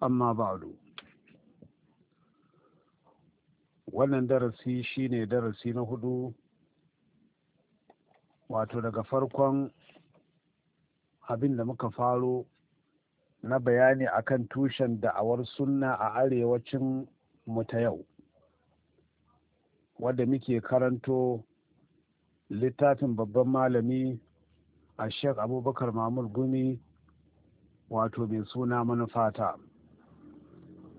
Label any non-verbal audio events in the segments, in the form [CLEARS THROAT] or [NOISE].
amma ba'du wannan darasi shine darasi na hudu wato daga farkon abin da muka faro na bayani akan tushen da'awar sunna a arewacin mu ta yau wadda muke karanto littafin babban malami a sheikh abubakar mamul gumi wato mai suna manufata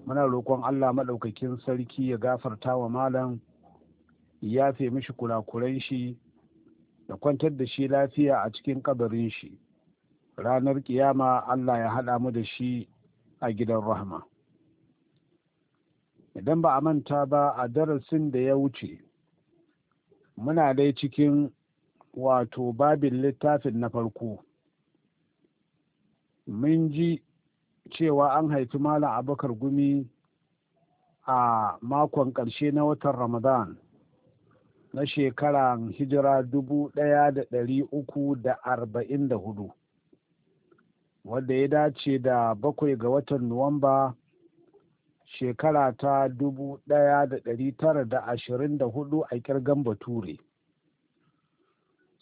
muna roƙon Allah maɗaukakin sarki ya gafarta wa malam ya fi mishi kurakuran shi da kwantar da shi lafiya a cikin kabarin shi ranar ƙiyama Allah ya haɗa mu da shi a gidan rahama. idan ba a manta ba a darasin da ya wuce muna dai cikin wato babin littafin na farko mun ji cewa an haifi malam abakar gumi a makon ƙarshe na watan ramadan na shekaran hijira dubu ɗaya da ɗari uku da arba'in da hudu wadda ya dace da bakwai ga watan nuwamba shekara ta dubu ɗaya da ɗari tara da ashirin da hudu a kirgan bature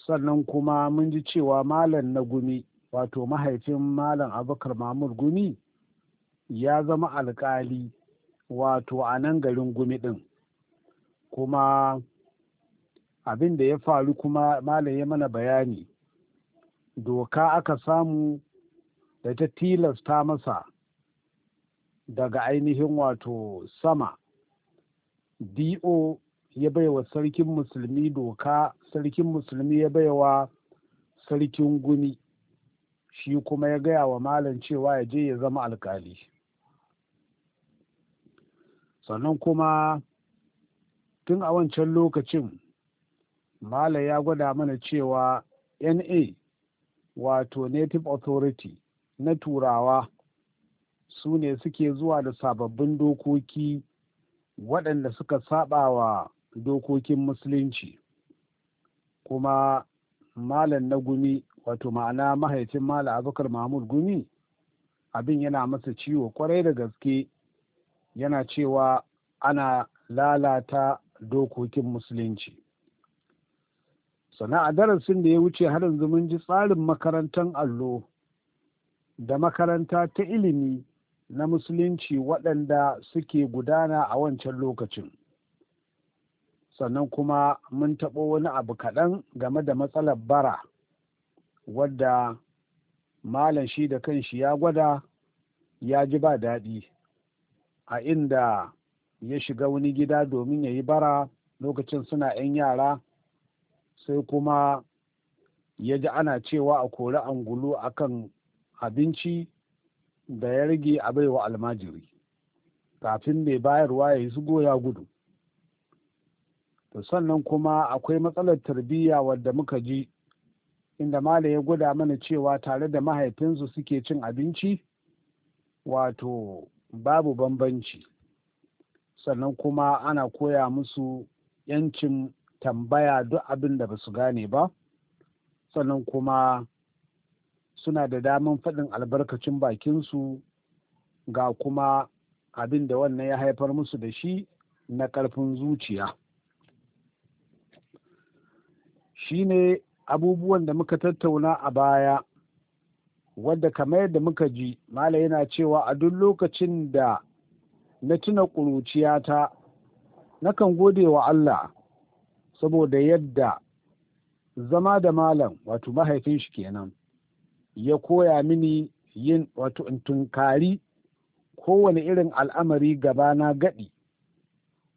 sannan kuma mun ji cewa malam na gumi wato mahaifin malam abubakar mahmud gumi ya zama alkali wato a nan garin gumi ɗin kuma abin da ya faru kuma malam ya mana bayani doka aka samu da ta tilasta masa daga ainihin wato sama do ya baiwa sarkin musulmi doka sarkin musulmi ya baiwa sarkin gumi shi kuma ya gaya wa malam cewa ya je ya zama alkali sannan kuma tun a wancan lokacin malam ya gwada mana cewa na wato native authority na turawa su ne suke zuwa da sababbin dokoki waɗanda suka saba wa dokokin musulunci kuma malam na gumi wato ma'ana mahaicin malam abubakar mahmud gumi abin yana masa ciwo kwarai da gaske yana cewa ana lalata dokokin musulunci Sana'a darasin da ya wuce har yanzu ji tsarin makarantar allo da makaranta ta ilimi na musulunci waɗanda suke gudana a wancan lokacin sannan kuma mun taɓo wani abu kaɗan game da matsalar bara wadda malam shi da kan shi ya gwada ya ji ba daɗi a inda ya shiga wani gida domin ya yi bara lokacin suna 'yan yara sai kuma ya ji ana cewa a kori angulu kan abinci da ya rage a baiwa almajiri kafin mai bayarwa ya yi su goya gudu to sannan kuma akwai matsalar tarbiyya wadda muka ji inda Malam ya guda mana cewa tare da mahaifinsu suke cin abinci wato babu bambanci sannan kuma ana koya musu yancin tambaya duk abin da ba su gane ba sannan kuma suna da daman faɗin albarkacin bakinsu ga kuma abin da wannan ya haifar musu da shi na ƙarfin zuciya shine abubuwan da muka tattauna a baya wadda kamar yadda muka ji mala yana cewa a duk lokacin da na tuna ƙuruciyata nakan gode wa Allah saboda yadda zama da malam wato mahaifin shi kenan ya koya mini yin wato in tunkari kowane irin al'amari gabana gaɗi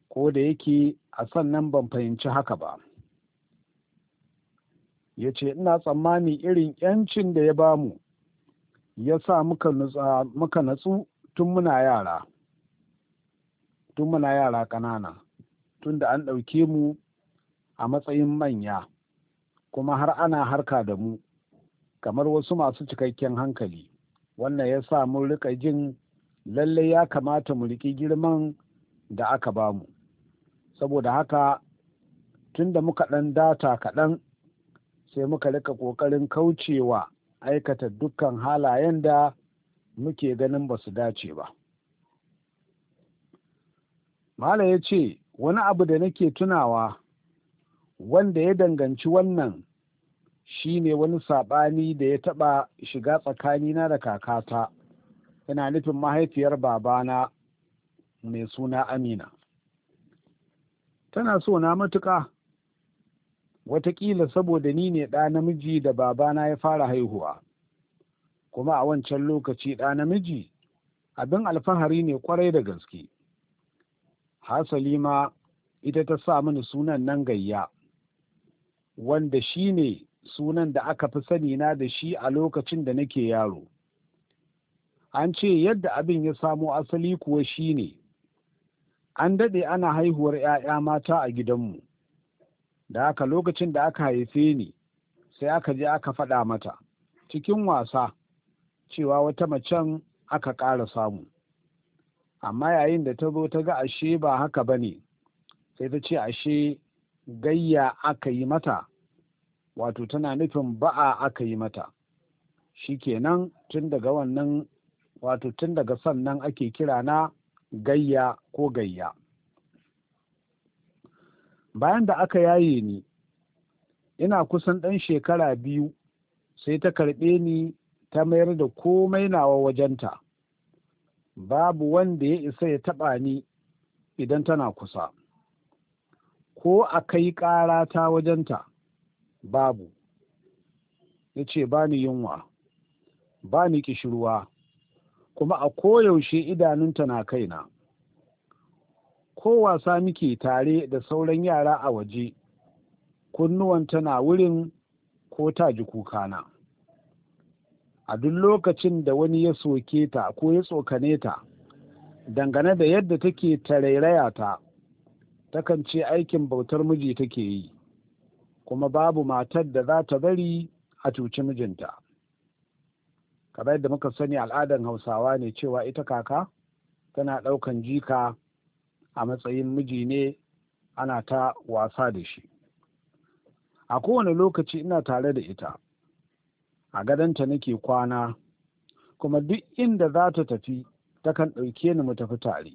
ko da yake a sannan ban fahimci haka ba. ya ce ina tsammani irin yancin da ya bamu ya sa muka natsu tun muna yara tun muna yara ƙanana tun da an ɗauke mu a matsayin manya kuma har ana harka da mu kamar wasu masu cikakken hankali wannan ya sa mun rika jin lallai ya kamata mu riƙi girman da aka bamu saboda haka tun da muka ɗan data kaɗan sai muka rika ƙoƙarin kaucewa aikata dukkan halayen da muke ganin ba su dace ba. Mala ya ce, wani abu da nake tunawa wanda ya danganci wannan shi ne wani saɓani da ya taɓa shiga tsakanina da kakata, yana nufin mahaifiyar babana mai suna Amina. Tana so na matuƙa. Wataƙila saboda ni ne ɗa namiji da babana ya fara haihuwa kuma a wancan lokaci ɗa namiji abin alfahari ne kwarai da gaske hasali ita ta sa mini sunan nan gayya wanda shi ne sunan da aka fi sani na da shi a lokacin da nake yaro an ce yadda abin ya samo asali kuwa shi ne an daɗe ana haihuwar ‘ya'ya mata a gidanmu da haka lokacin da aka haife ni sai aka je aka faɗa mata cikin wasa cewa wata macen aka ƙara samu amma yayin da ta zo ta ga ashe ba haka ba ne sai ta ce ashe gayya aka yi mata wato tana nufin ba'a aka yi mata shi kenan tun daga wannan wato tun daga sannan ake kira na gayya ko gayya bayan da aka yaye ni ina kusan ɗan shekara biyu sai ta karɓe ni ta mayar da komai nawa wajenta babu wanda ya isa ya taɓa ni idan tana kusa ko a kai ƙara ta wajenta babu ya ce ba ni yunwa ba ni ƙishirwa kuma a koyaushe idanunta na kaina ko wasa muke tare da sauran yara a waje kunnuwan tana wurin ko ta ji kukana a duk lokacin da wani ya soke ta ko ya tsokane ta dangane da yadda take tarairaya ta takan ce aikin bautar miji take yi kuma babu matar da za ta bari a cuci mijinta kamar yadda muka sani al'adan hausawa ne cewa ita kaka tana ɗaukan jika a matsayin miji ne ana ta wasa da shi a kowane lokaci ina tare da ita a gadonta nake kwana kuma duk inda za ta tafi takan ɗauke ni mu tafi tare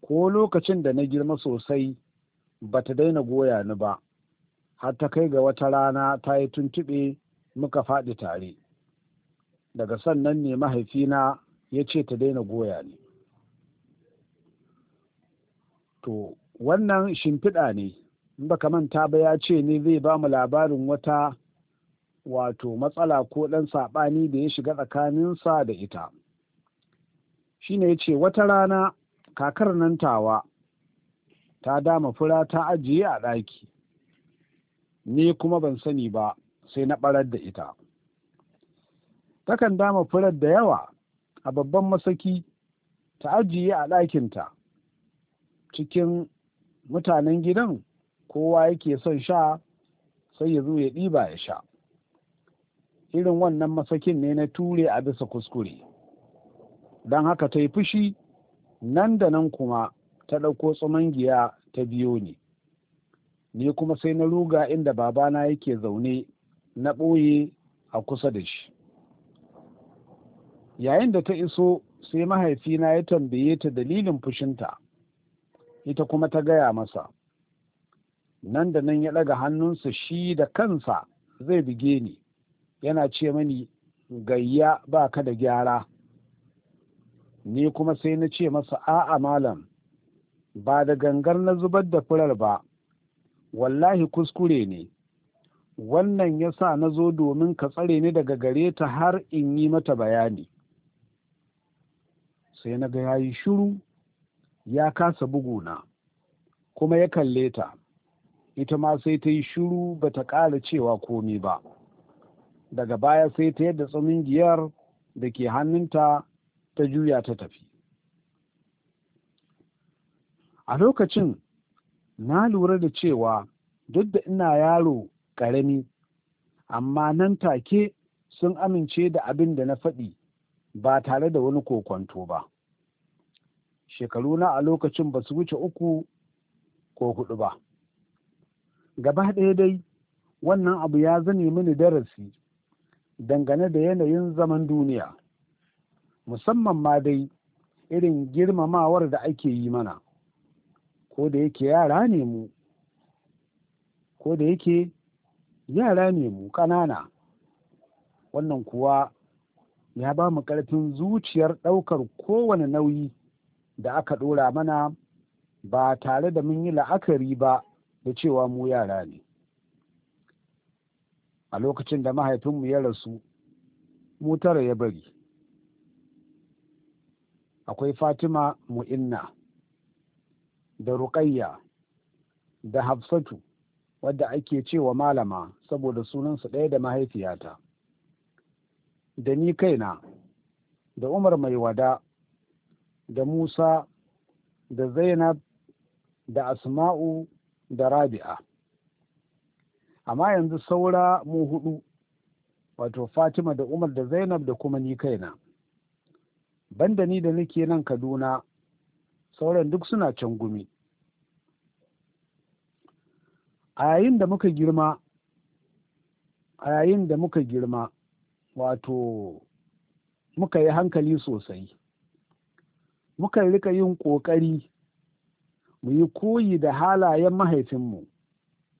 ko lokacin da na girma sosai ba ta daina goya ni ba har ta kai ga wata rana ta yi tuntuɓe muka faɗi tare daga sannan ne mahaifina ya ce ta daina goya ni to wannan shimfiɗa ne in baka manta ba ya ce ne zai ba mu labarin wata wato matsala ko ɗan saɓani da ya shiga tsakaninsa da ita shi ne ya ce wata rana kakar nan tawa ta dama fura ta ajiye a ɗaki ni kuma ban sani ba sai na ɓarar da ita takan dama furar da yawa a babban masaki ta ajiye a ɗakinta cikin mutanen gidan kowa yake son sha sai ya zo ya ɗiba ya sha irin wannan masakin ne na ture a bisa kuskure don haka ta yi fushi nan da nan kuma ta ɗauko giya ta biyo ne, ni kuma sai na ruga inda babana yake zaune na ɓoye a kusa da shi yayin da ta iso sai mahaifina ya tambaye ta dalilin fushinta ita kuma ta gaya masa nan da nan ya ɗaga hannunsa shi da kansa zai buge ni yana ce mani gayya ba ka da gyara ni kuma sai na ce masa a'a malam ba da gangar na zubar da furar ba wallahi kuskure ne wannan ya sa na zo domin ka tsare ni daga gare ta har in yi mata bayani sai na ga ya yi shiru ya kasa buguna kuma ya kalle ta ita ma sai ta yi shiru ba ta ƙara cewa komi ba daga baya sai ta yadda tsamingiyar da ke hannunta ta juya ta tafi a lokacin na lura da cewa duk da ina yaro ƙarami amma nan take sun amince da abin da na faɗi ba tare da wani kokonto ba shekaru na a lokacin ba su wuce uku ko hudu ba gaba ɗaya dai wannan abu ya zane mini darasi dangane da yanayin zaman duniya musamman ma dai irin girmamawar da ake yi mana ko da yake yara ne mu ko da yake yara ne mu ƙanana wannan kuwa ya ba mu ƙarfin zuciyar ɗaukar kowane nauyi da aka ɗora mana ba tare da mun yi la'akari ba da cewa mu yara ne a lokacin da mahaifinmu ya rasu mu tara ya bari akwai fatima mu Inna, da ruƙayya da hafsatu wadda ake cewa malama saboda sunansu ɗaya da mahaifiyata da ni kaina da umar mai wada da Musa da Zainab da Asma'u da Rabi'a. Amma yanzu saura mu hudu, wato Fatima da Umar da Zainab da kuma ni kaina. Banda ni da nake nan Kaduna, sauran duk suna can gumi. A da muka girma, a yayin da muka girma, wato muka yi hankali sosai. mukan rika yin ƙoƙari mu yi koyi da halayen mahaifinmu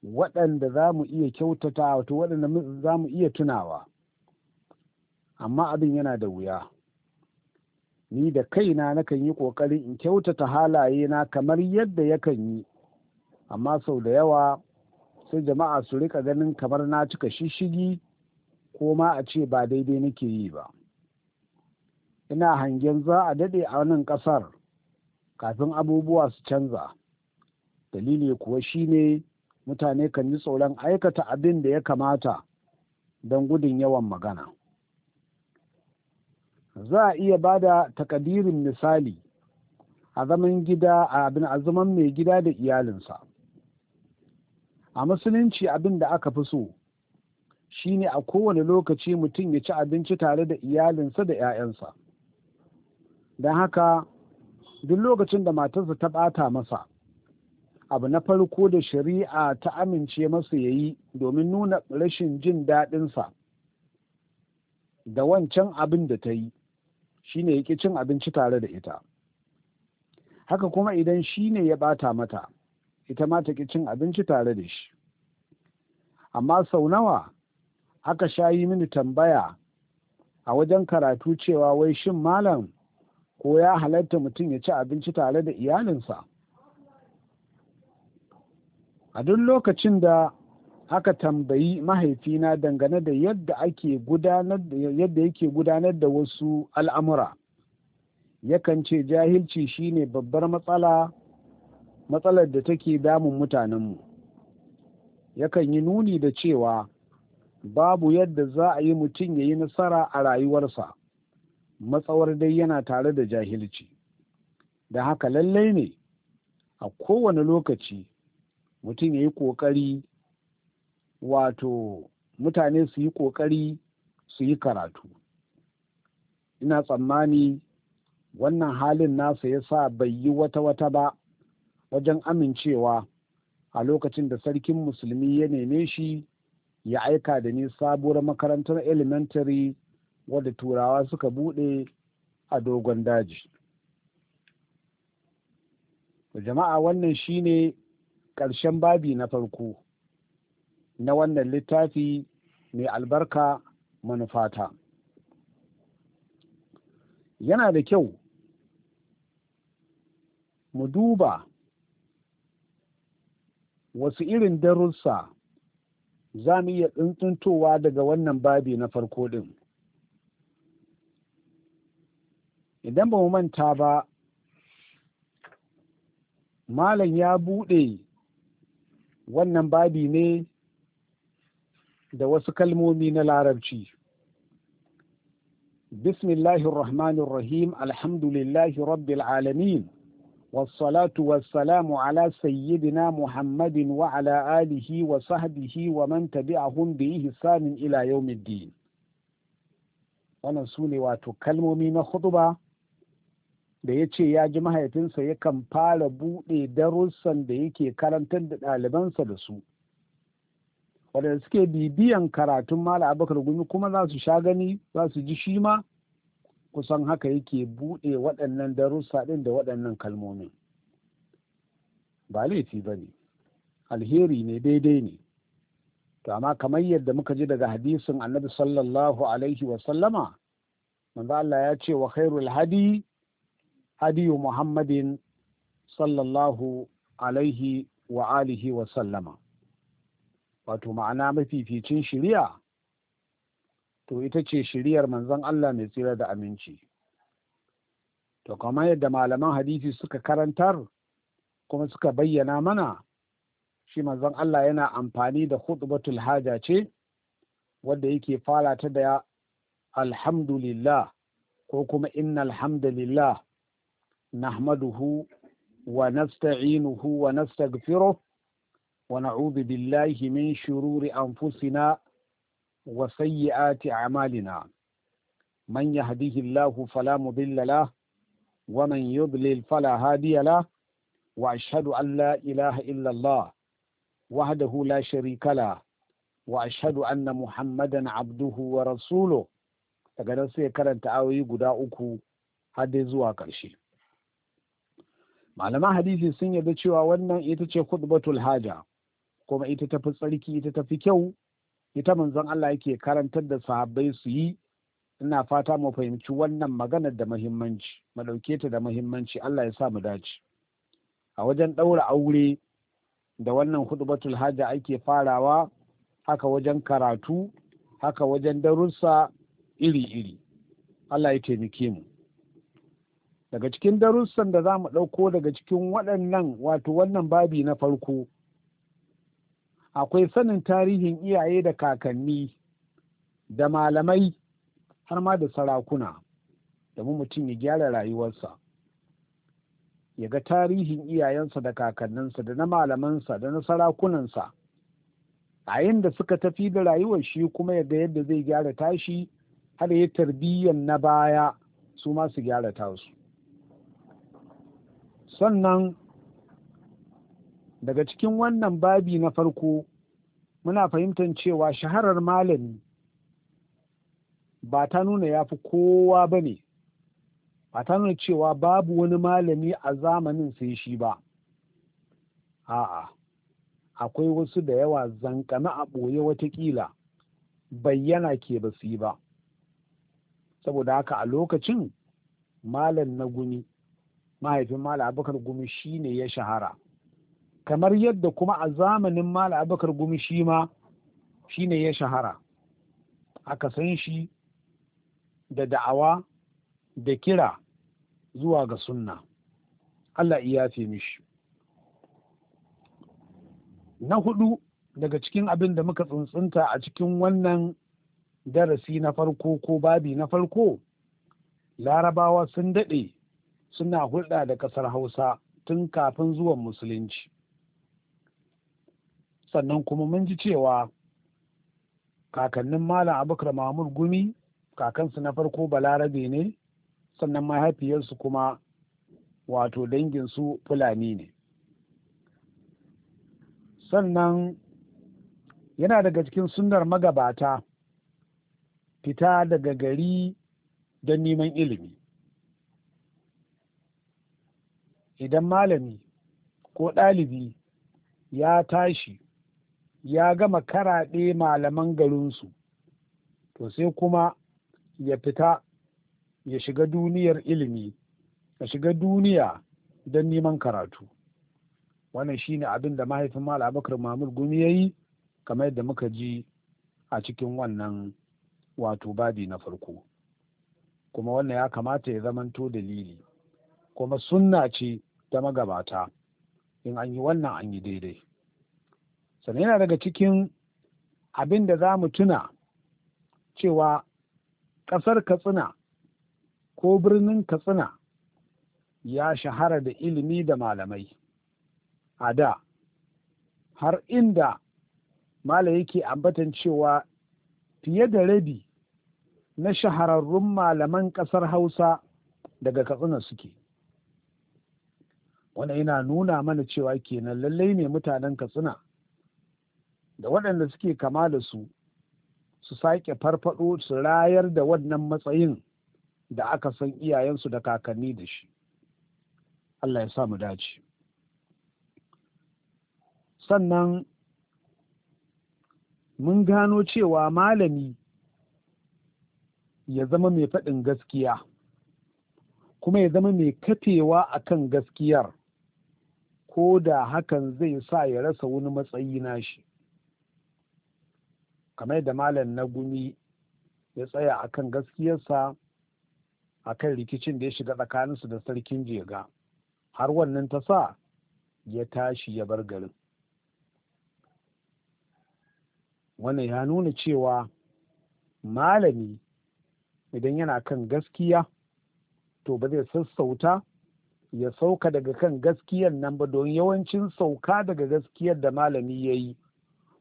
waɗanda za mu iya kyautata wato waɗanda za mu iya tunawa amma abin yana da wuya ni da kaina nakan yi ƙoƙarin in kyautata halaye na kamar yadda yakan yi amma sau da yawa sai jama'a su rika ganin kamar na cika shishigi ko ma a ce ba daidai nake yi ba ina hangen za a daɗe a nan ƙasar kafin abubuwa su canza dalili kuwa shine mutane kan yi tsoron aikata abin da ya kamata don gudun yawan magana za a iya ba da takadirin misali a zaman gida a abin a mai gida da iyalinsa a musulunci abin da aka fi so shine a kowane lokaci mutum ya ci abinci tare da iyalinsa da 'ya'yansa. don haka duk lokacin da matarsa ta ɓata masa abu na farko da shari'a ta amince masa ya yi domin nuna rashin jin daɗinsa da wancan abin da ta yi shi ne ya ƙi cin abinci tare da ita haka kuma idan shi ne ya ɓata mata ita ma ta ƙi cin abinci tare da shi amma sau nawa aka sha yi mini tambaya a wajen karatu cewa wai shin malam ko ya halatta mutum ya ci abinci tare da iyalinsa a duk lokacin da aka tambayi mahaifina dangane da yadda ake gudanar yadda yake gudanar da wasu al'amura yakan ce jahilci shine babbar matsala matsalar da take damun mutanenmu yakan yi nuni da cewa babu yadda za a yi mutum ya yi nasara a rayuwarsa matsawar dai yana tare da jahilci da haka lallai ne a kowane lokaci mutum ya yi ƙoƙari wato mutane su yi ƙoƙari su yi karatu ina tsammani wannan halin nasa ya sa bai yi wata-wata ba wajen amincewa a lokacin da sarkin musulmi ya neme shi ya aika da ni sabuwar makarantar elementary wadda turawa suka buɗe a dogon daji jama'a wannan shine ƙarshen babi na farko na wannan littafi mai albarka manufata yana da kyau mu duba wasu irin darussa za mu iya tsuntsuntowa daga wannan babi na farko ɗin idan ba mu manta ba malam ya buɗe wannan babi ne da wasu kalmomi na larabci bismillahir rahmanir rahim alhamdulillahi rabbil alamin والصلاة والسلام على سيدنا محمد وعلى آله وصحبه ومن تبعهم بإحسان إلى يوم الدين wannan su ne wato kalmomi na huɗuba da ya ce ya ji mahaifinsa yakan fara buɗe darussan da yake karantar da ɗalibansa da su Wadanda suke bibiyan karatun mala abakar gumi kuma za su sha gani za su ji shi ma kusan haka yake buɗe waɗannan darussa ɗin da waɗannan kalmomin ba laifi ba ne alheri ne daidai ne to amma kamar yadda muka ji daga hadisin annabi sallallahu alaihi wasallama manzo Allah ya ce wa khairul hadi هدي Muhammadin صلى الله عليه wa sallama, wato ma'ana mafificin shiriya to ita ce shiriyar manzon Allah mai tsira da aminci to kamar yadda malaman hadisi suka karantar kuma suka bayyana mana shi manzon Allah yana amfani da khutbatul haja ce wadda yake fara ta da alhamdulillah ko kuma inna lillah. نحمده ونستعينه ونستغفره ونعوذ بالله من شرور أنفسنا وسيئات أعمالنا من يهديه الله فلا مضل له ومن يضلل فلا هادي له وأشهد أن لا إله إلا الله وحده لا شريك له وأشهد أن محمدا عبده ورسوله تقدر سيكرا sai karanta هذه guda uku malaman hadisi sun yarda cewa wannan ita ce khutbatul haja kuma ita tafi tsarki ita tafi kyau ita manzon Allah yake karantar da sahabbai su yi ina fata mu fahimci wannan maganar da muhimmanci mu dauke ta da muhimmanci Allah ya sa mu dace a wajen ɗaura aure da wannan hudubatul haja ake farawa haka wajen karatu haka wajen darussa iri-iri Allah ya taimake mu daga cikin darussan da za mu ɗauko daga cikin waɗannan wato wannan babi na farko akwai sanin tarihin iyaye da kakanni da malamai har ma da sarakuna mu mutum ya gyara rayuwarsa ya ga tarihin iyayensa da kakanninsa da na malamansa da na sarakunansa a da suka tafi da rayuwar shi kuma ya ga yadda zai gyara tashi har ya tarbiyyar na baya su ma su gyara tasu sannan daga cikin wannan babi na farko muna fahimtar cewa shaharar malami ba ta nuna ya fi kowa ba ne ba ta nuna cewa babu wani malami a zamanin sai shi ba a'a akwai wasu da yawa zankana a ɓoye watakila bayyana ke ba su yi ba saboda haka a lokacin malam na gumi mahaifin mala Abubakar gumi shi ne ya shahara kamar yadda kuma a zamanin mala abakar gumi shi ma shi ne ya shahara aka san shi da da'awa da kira zuwa ga sunna Allah iya fi mishi na hudu daga cikin abin da muka tsuntsunta a cikin wannan darasi na farko ko babi na farko larabawa sun daɗe suna hulɗa da ƙasar hausa tun kafin zuwan musulunci sannan kuma mun ji cewa kakannin malam abubakar mahmud gumi kakansu na farko balarabe ne sannan mahaifiyarsu kuma wato danginsu fulani ne sannan yana daga cikin sunnar magabata fita daga gari don neman ilimi idan malami ko ɗalibi ya tashi ya gama karaɗe malaman garinsu to sai kuma ya fita ya shiga duniyar ilimi ya shiga duniya don neman karatu wannan shine abin da mahaifin malam abakar mahmud gumi ya yi kamar yadda muka ji a cikin wannan wato babi na farko kuma wannan ya kamata ya zamanto dalili kuma sunna ce da magabata in an yi wannan an yi daidai sannan yana daga cikin abin da za mu tuna cewa ƙasar katsina ko birnin katsina ya shahara da ilimi da malamai a da har inda mala yake ambatan cewa fiye da rabi na shahararrun malaman ƙasar hausa daga katsina suke wanda yana nuna mana cewa kenan lallai ne mutanen katsina da waɗanda suke kama da su su sake farfaɗo su rayar da wannan matsayin da aka san iyayensu da kakanni da shi Allah ya samu dace sannan mun gano cewa malami ya zama mai faɗin gaskiya kuma ya zama mai kafewa akan gaskiyar ko da hakan zai sa ya rasa wani matsayi nashi kamar da malam na gumi ya tsaya a kan gaskiyarsa a kan rikicin da ya shiga tsakaninsu da sarkin jega har wannan ta sa ya tashi ya bar garin wannan ya nuna cewa malami idan yana kan gaskiya to ba zai sassauta ya sauka daga kan gaskiyar nan ba don yawancin sauka daga gaskiyar da malami ya yi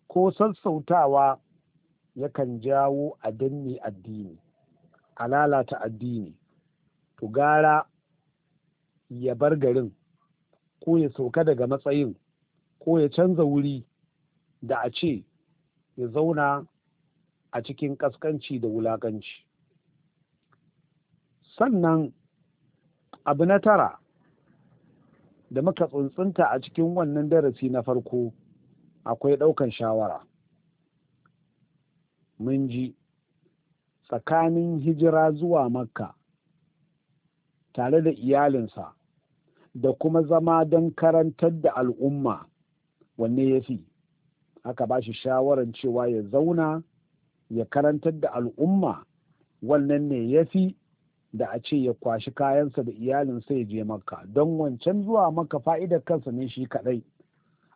ko sassautawa yakan jawo a danne addini a lalata addini to gara ya bar garin ko ya sauka daga matsayin ko ya canza wuri da a ce ya zauna a cikin ƙasƙanci da wulaƙanci sannan abu na tara da muka tsuntsunta a cikin wannan darasi na farko akwai ɗaukan shawara mun ji tsakanin hijira zuwa makka tare da iyalinsa da kuma zama don karantar da al'umma wanne ya fi aka ba shi shawarar cewa ya zauna ya karantar da al'umma wannan ne ya fi da a ce ya kwashi kayansa da iyalinsa ya je makka don wancan zuwa maka fa'idar kansa ne shi kaɗai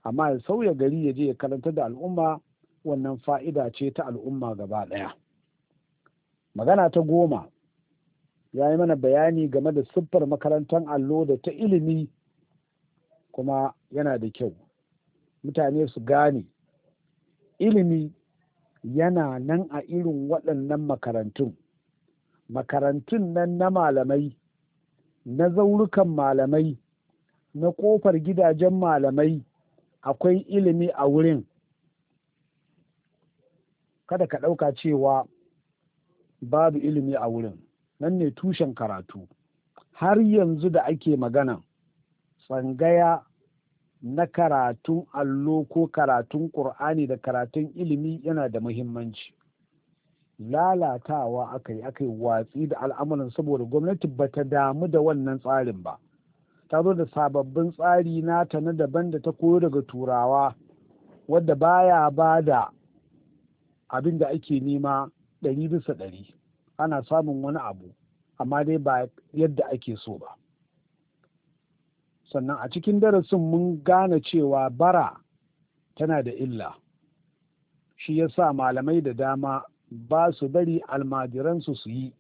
amma ya sauya gari ya je ya karanta da al'umma wannan fa'ida ce ta al'umma gaba ɗaya magana ta goma ya yi mana bayani game da siffar makarantar allo da ta ilimi kuma yana da kyau mutane su gane ilimi yana nan a irin waɗannan makarantun makarantun nan na malamai na zaurukan malamai na ƙofar gidajen malamai akwai ilimi a wurin kada ka ɗauka cewa babu ilimi a wurin nan ne tushen karatu har yanzu da ake magana tsangaya na karatun allo ko karatun ƙur'ani da karatun ilimi yana da muhimmanci lalatawa aka yi aka yi watsi da al'amuran saboda gwamnati ba ta damu da wannan tsarin ba ta zo da sababbin tsari nata na daban da ta koyo daga turawa wadda baya ba da abin da ake nema ɗari bisa ɗari ana samun wani abu amma dai ba yadda ake so ba sannan a cikin darasin mun gane cewa bara tana da illa shi ya sa malamai da dama ba su bari almajiransu su yi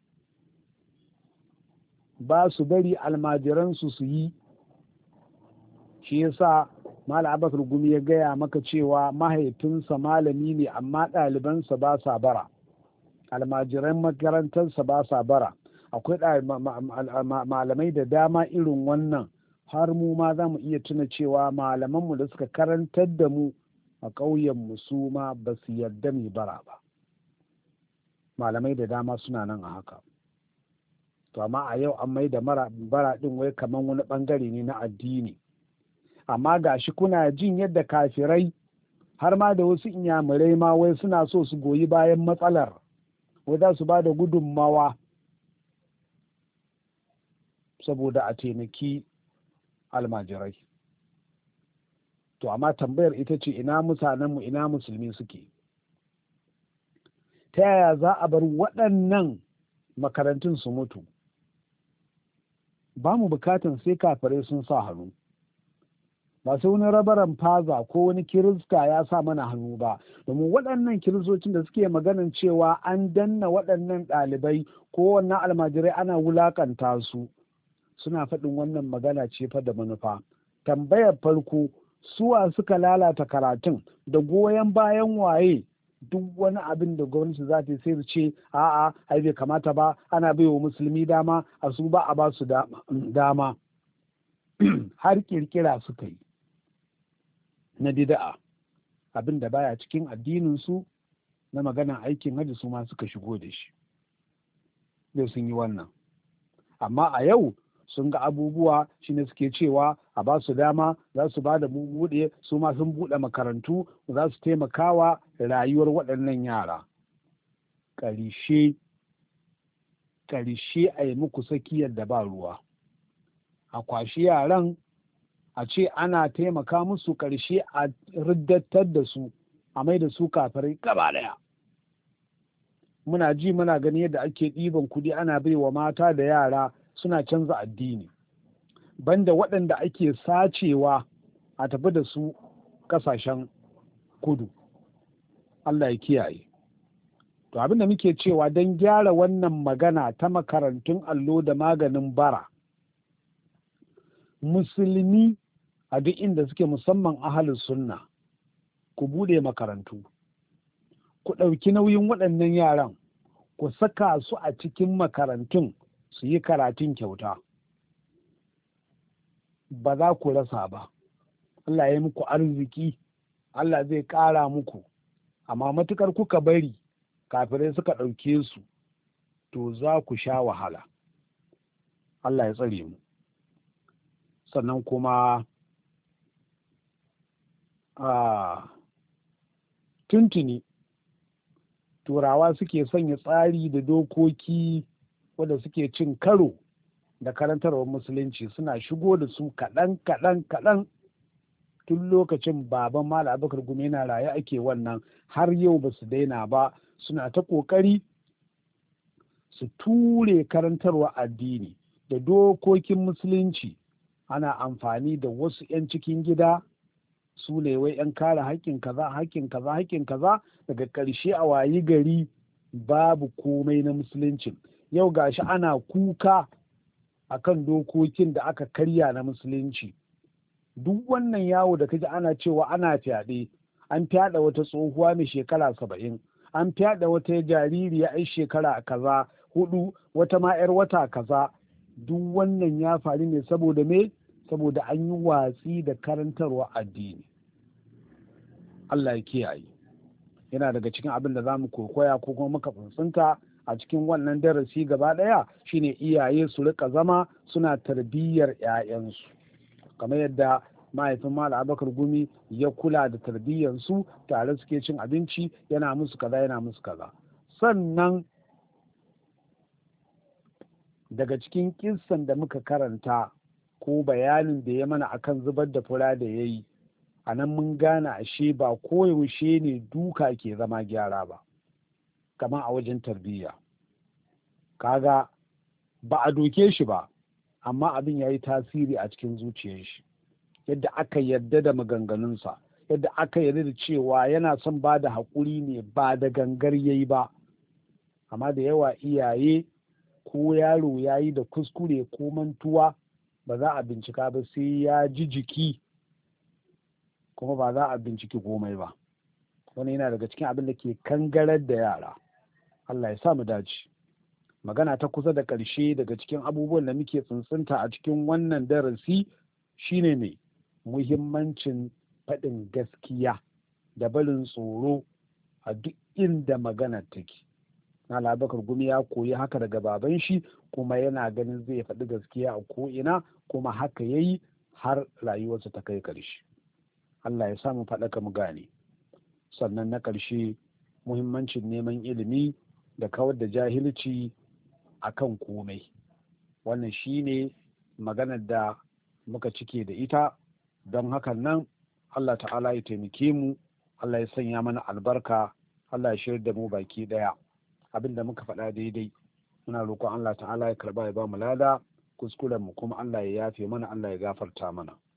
ba su bari almajiransu su yi shi yasa Malam Abbas Gumi ya gaya maka cewa mahaifinsa malami ne amma ɗalibansa ba sa bara almajiran makarantarsa ba sa bara akwai malamai da dama irin wannan har mu ma za mu iya tuna cewa malamanmu da suka karantar da mu a ƙauyenmu su ma ba su yarda mai bara ba malamai da dama suna nan a haka to amma a yau an mai da baraɗin ɗin wai kamar wani ɓangare ne na addini amma ga shi kuna jin yadda kafirai har ma da wasu inyamurai ma wai suna so su goyi bayan matsalar wai za su ba da gudunmawa saboda a taimaki almajirai to amma tambayar ita ce ina mutanenmu ina musulmi suke ta yaya za a bar waɗannan makarantun su mutu ba mu bukatan sai kafare sun sa hannu ba sai wani rabaran faza ko wani kirista ya sa mana hannu ba domin waɗannan kiristocin da suke maganan cewa an danna waɗannan ɗalibai ko wannan almajirai ana wulaƙanta su suna faɗin wannan magana ce fa da manufa tambayar farko suwa suka lalata karatun da goyon bayan waye duk wani abin da gwamnati za ta sai su ce a'a ai bai kamata ba ana bai wa musulmi dama a su ba a basu dama [CLEARS THROAT] har kirkira suka yi na bida'a abin da baya cikin addinin su na maganan aikin hajji su ma suka shigo da shi sun yi wannan amma a yau sun ga abubuwa shine suke cewa a ba su dama za su ba da buɗe su ma sun buɗe makarantu za su taimakawa rayuwar waɗannan yara ƙarshe ƙarshe a yi muku sakiyar da ba ruwa a kwashi yaran a ce ana taimaka musu ƙarshe a riddattar da su a mai da su kafirai gaba ɗaya muna ji muna gani yadda ake ɗiban kuɗi ana baiwa mata da yara suna canza addini banda waɗanda ake sacewa a tafi da su ƙasashen kudu Allah ya kiyaye to abin da muke cewa don gyara wannan magana ta makarantun allo da maganin bara musulmi a duk inda suke musamman ahalin sunna ku bude makarantu ku ɗauki nauyin waɗannan yaran ku saka su a cikin makarantun su yi karatun kyauta ba za ku rasa ba Allah ya yi muku arziki Allah zai ƙara muku amma matukar kuka bari kafirai suka ɗauke su to za ku sha wahala Allah ya tsare mu sannan kuma a tuntuni turawa suke sanya tsari da dokoki wanda suke cin karo da karantarwar musulunci suna shigo da su kaɗan kaɗan kaɗan tun lokacin baban mala abubakar gumi yana raye ake wannan har yau ba su daina ba suna ta ƙoƙari su ture karantarwa addini da dokokin musulunci ana amfani da wasu 'yan cikin gida su ne wai 'yan kare haƙƙin kaza haƙƙin kaza haƙƙin kaza daga ƙarshe a wayi gari babu komai na musuluncin yau gashi ana kuka a kan dokokin da aka karya na musulunci duk wannan yawo da kaji ana cewa ana fyaɗe an fyaɗa wata tsohuwa mai shekara saba'in an fyaɗa wata jaririya ai shekara kaza hudu wata ma 'yar wata kaza duk wannan ya faru ne saboda me saboda an yi watsi da karantarwa addini Allah ya kiyaye yana daga cikin abin da za mu kokoya ko kuma muka tsuntsunta a cikin wannan darasi gaba ɗaya shine iyaye su rika zama suna tarbiyyar 'ya'yansu kamar yadda mahaifin mala abakar gumi ya kula da tarbiyyansu tare suke cin abinci yana musu kaza yana musu kaza sannan daga cikin kissan da muka karanta ko bayanin da ya mana akan zubar da fura da ya yi a nan mun gane ashe ba koyaushe ne duka ke zama gyara ba kamar a wajen tarbiyya kaga ba a doke shi ba amma abin ya yi tasiri a cikin zuciyar shi yadda aka yarda da maganganunsa yadda aka yarda da cewa yana son ba da haƙuri ne ba da gangar ya yi ba amma da yawa iyaye ko yaro ya yi da kuskure ko mantuwa ba za a bincika ba sai ya ji jiki kuma ba za a binciki komai ba wani yana daga cikin abin da ke kangarar da yara Allah ya sa mu dace magana ta kusa da ƙarshe daga cikin abubuwan da muke tsuntsunta a cikin wannan darasi shine ne muhimmancin faɗin gaskiya da barin tsoro a duk inda magana take na labakar gumi ya koyi haka daga baban shi kuma yana ganin zai faɗi gaskiya a ko'ina kuma haka ya yi har rayuwarsa ta kai ƙarshe allah ya samu faɗaka mu gane sannan na ƙarshe muhimmancin neman ilimi da kawar da jahilci akan komai wannan shi ne maganar da muka cike da ita don hakan nan Allah ta'ala ya taimake mu Allah ya sanya mana albarka Allah ya shirya da mu baki daya abin da muka faɗa daidai muna roƙon Allah ta'ala ya karba ya ba mu lada kuskuren mu kuma Allah ya yafe mana Allah ya gafarta mana